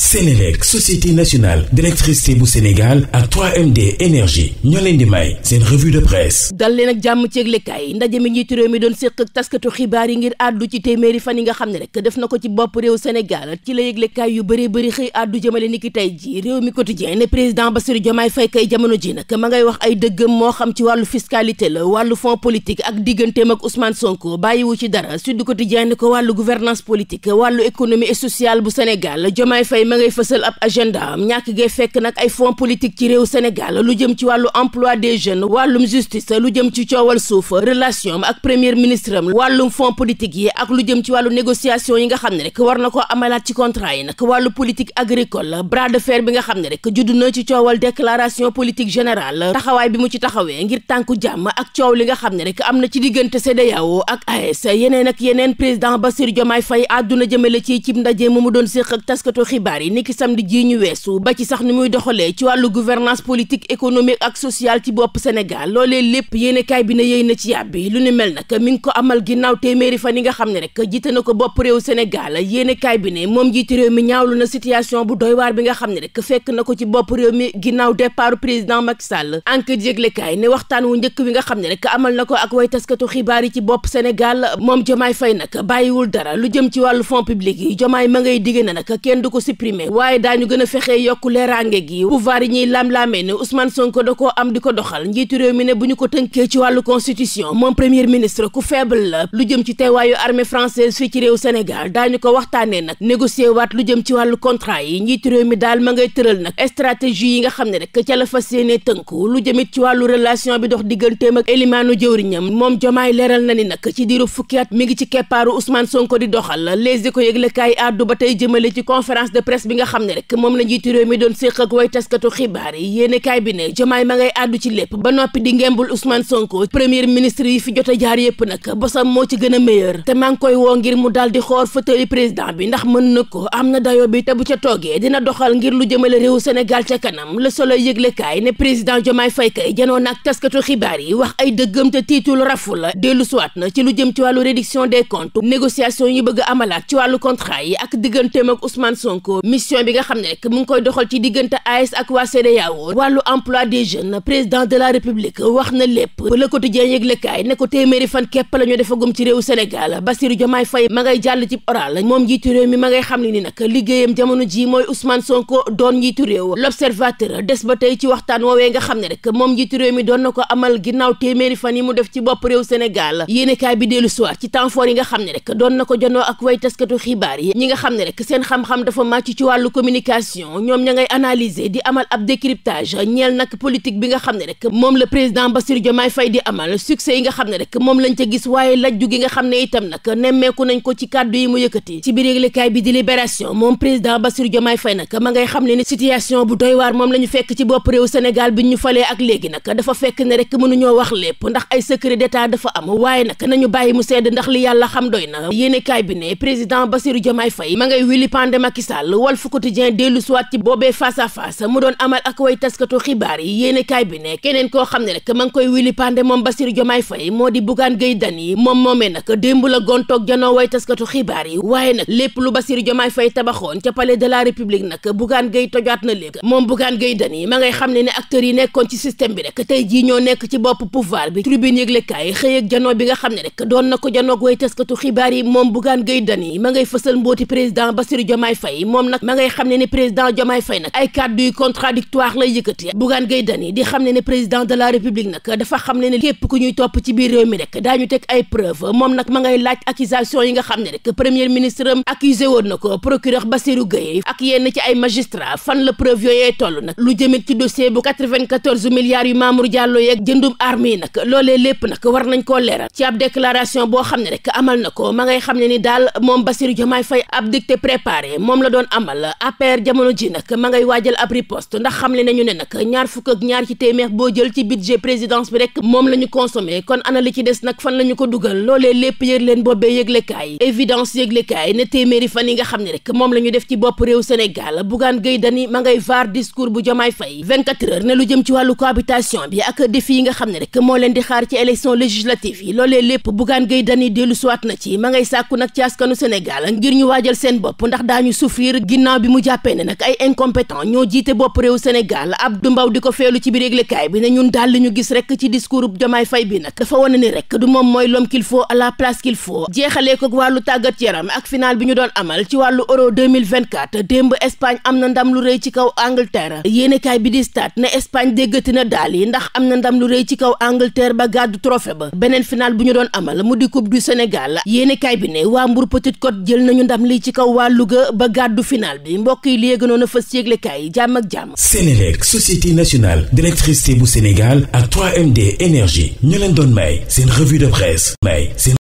Sénélec société nationale d'électricité bu Sénégal ak md énergie ñoo leen di may seen revue de presse dal leen ak jàmm ci yëglekaay ndaje mi njiitu réew mi doon séq ak taskatu xibaar yi ngir àddu ci téeméeri fan yi nga xam ne rek def na ko ci bopp réew Sénégal ci la yëglekaay yu bëree bëri xëy àddu jëmale ni tey ji réew mi quotidien ne président ba Bassirou Diomaye Faye kay jamono ji nag ma ngay wax ay dëggam moo xam ci wàllu fiscalité la wàllu fonds politique ak digganteem ak Ousmane Sonko bàyyiwu ci dara Sud Quotidien ne ko wàllu gouvernance politique wàllu économie et bu Sénégal ma ngay fësal ab agenda am ñàkk gee fekk nag ay fons politique ci réew Sénégal lu jëm ci wàllu emploi des jeunes wàllum justice lu jëm ci coowal suuf relation ak premier ministre am wàllum fonds politique yi ak lu jëm ci wàllu négociation yi nga xam ne rek war na ko amalaat ci contrat yi nag wàllu politique agricole bras de fer bi nga xam ne rek judd na ci coowal déclaration politique général taxawaay bi mu ci taxawee ngir tànku jàmm ak coow li nga xam ne rek am na ci diggante CEDEAO ak AES yeneen ak yeneen président Bassirou Diomaye Faye àdduna jëmale ci cib ndaje mu mu doon séq ak taskatu xibaar yi niki samedi jii weesu ba ci sax ni muy doxalee ci wàllu gouvernance politique économique ak sociale ci bopp Sénégal loolee lépp yéenekaay bi ne yéy na ci yàbbi lu ne mel nag mi ngi ko amal ginnaaw téeméeri fan yi nga xam ne rek jiite na ko bopp réew Sénégal yéenekaay bi ne moom jiite réew mi ñaawlu na situation bu doy waar bi nga xam ne rek fekk na ko ci bopp réew mi ginnaaw départ président Macky Sall enquête yëglekaay ne waxtaan wu njëkk wi nga xam ne rek amal na ko ak way taskatu xibaar yi ci bopp Sénégal moom Jomaay Fay nag bàyyiwul dara lu jëm ci wàllu fonds supprimer waaye daañu gën a fexee yokku leeraange gi pouvoir yi ñuy lam-laamee ne Ousmane Sonko da koo am di ko doxal njiitu réew mi ne bu ñu ko tënkee ci wàllu constitution moom premier ministre ku faible la lu jëm ci teewaayu armée française fii ci réew Sénégal daañu ko waxtaanee nag négocier waat lu jëm ci wàllu contrat yi njiitu réew mi daal ma ngay tëral nag stratégie yi nga xam ne rek ca la fas yéenee tënku lu jëmit ci wàllu relation bi dox digganteem ak élimaanu jëwriñam moom jomaay leeral na ni nag mi ngi ci keppaaru Ousmane Sonko di doxal les éco yëglekaay àddu presse bi nga xam ne rek moom la njiitu réew mi doon séq ak way taskatu xibaar yi yéene kaay bi ne jomaay ma ngay àddu ci lépp ba noppi di ngembul Ousmane Sonko premier ministre yi fi jot a jaar yépp nag bosam moo ci gën a meilleur te maa ngi koy woo ngir mu daal di xoor fauteuil président bi ndax mën na ko am na dayo bi te bu ca toogee dina doxal ngir lu jëmale réew Sénégal ca kanam Le Soleil yëglekaay ne président jomaay fay kay janoon ak taskatu xibaar yi wax ay dëggam te tiitul rafu la dellu siwaat na ci lu jëm ci wàllu réduction des comptes négociation yi bëgg amalaat ci wàllu contrat yi ak digganteem ak Ousmane Sonko mission bi nga xam ne rek de la république wax na lépp Le Quotidien yëglekaay ne ko téeméeri fan képp la ñu defagum ci réew Sénégal Bassirou Diomaye Faye ma ngay jàll moom njiitu réew mi ma ngay xam ne ni nag liggéeyam jamono ji mooy Ousmane Sonko doon njiitu réew L'Observateur des ba tey ci waxtaan woowee nga xam ne rek moom njiitu réew mi doon na ko amal ginnaaw téeméeri fan yi mu def ci bopp réew Sénégal yéenekaay bi dellu soir ci temps fort yi nga xam ne rek doon na ko jonoo ak way taskatu xibaar yi ñi nga xam ne rek seen xam-xam dafa màcc ci wàllu communication ñoom ña ngay analyser di amal ab décryptage ñeel nag politique bi nga xam ne rek moom la président Bassirou Diomaye fay di amal succès yi nga xam ne rek moom lañ ca gis waaye lajju gi nga xam ne itam nag nemmeeku nañ ko ci kàddu yi mu yëkkati ci biir yëglekaay bi di libération moom président Bassirou Diomaye Faye nag ma ngay xam ne ni bu doy waar moom la ñu fekk ci bopp réew Sénégal bi ñu falee ak léegi nag dafa fekk ne rek mënuñoo wax lépp ndax ay secret d'état dafa am waaye nag nañu bàyyi mu sedd ndax li yàlla xam doy na yéenekaay bi ne président Bassirou Diomaye Faye ma ngay wili Walf Quotidien dellu siwaat ci boobee face à face mu doon amal ak way taskatu xibaar yi yéene kaay bi ne keneen koo xam ne rek ma ngi koy wili pande moom Bassirou Diomaye Faye moo di Bougane Gueye Dany moom moomee nag démb la gontoog janoo way taskatu xibaar yi waaye nag lépp lu Bassirou Diomaye Faye tabaxoon ca palais de la République nag Bougane Gueye tojaat na léegi moom gay Gueye yi ma ngay xam ne ne acteur yi nekkoon ci système bi rek tey jii ñoo nekk ci bopp pouvoir bi tribune yëglekaay xëy ak janoo bi nga xam ne rek doon na ko janoog way taskatu xibaar yi moom Bougane Gueye Dany ma ngay fësal mbooti président Bassirou Diomaye Faye moom nag ma ngay xam ne ne président Diomaye Faye nag ay kàddu yu contradictoire lay yëkkati Bougane Gueye Dany di xam ne ne président de la république nag dafa xam ne ne képp ku ñuy topp ci biir réew mi rek daañu teg ay preuve moom nag ma ngay laaj accusation yi nga xam ne na lu jëmit ci dossier bu 94 milliards yu Mamour Diallo yeeg jëndum arme yi nag loolee koo leeral ci ab boo xam ne rek amal na ko ma ngay xam ne ni daal moom Bassirou Diomaye Faye ab dicté préparé moom la doon amal APR jamono ji nag ma ngay waajal ab riposte ndax xam le nañu ne nag ñaar fukk ak ñaar ci téeméer boo jël ci budget présidence bi rek moom la ñu consommé kon ana li ci des nag fan la ko dugal loolee lépp yër leen boobee yëglekaay évidence yëglekaay ne téeméeri fan yi nga xam ne rek moom la ñu def ci bopp réew Sénégal Bougane Gueye Dany ma ngay vaar discours bu Diomaye Faye 24 heures ne lu jëm ci wàllu cohabitation bi ak défi yi nga xam ne rek moo leen di xaar ci élection législative yi loolee lépp Bougane Gueye Dany dellu suwaat na ci ma ngay sàkku nag ginnaaw bi mu jàppee ne nag ay incompétent ñoo jiite bopp réew Sénégal Abdou Mbaw di ko feelu ci biir yëglekaay bi ne ñun daal li ñu gis rek ci discours bu Diomaye Faye bi nag dafa wane wàllu tàggat yi ndax am na ndam lu rëy ci kaw Angleterre ba gàddu trophée ba beneen final bu ñu doon amal mu di coupe du Sénégal yéenekaay bi ne waa Mbour Petite Côte jël nañu ndam li ci kaw waa Louga ba gàddu final bi mbokk yi léegi noonu fas yéeglekaay yi jàmm ak jàmm Sénélec société nationale d'électricité bu Sénégal ak 3 d énergie ñu leen doon may seen revue de presse may seen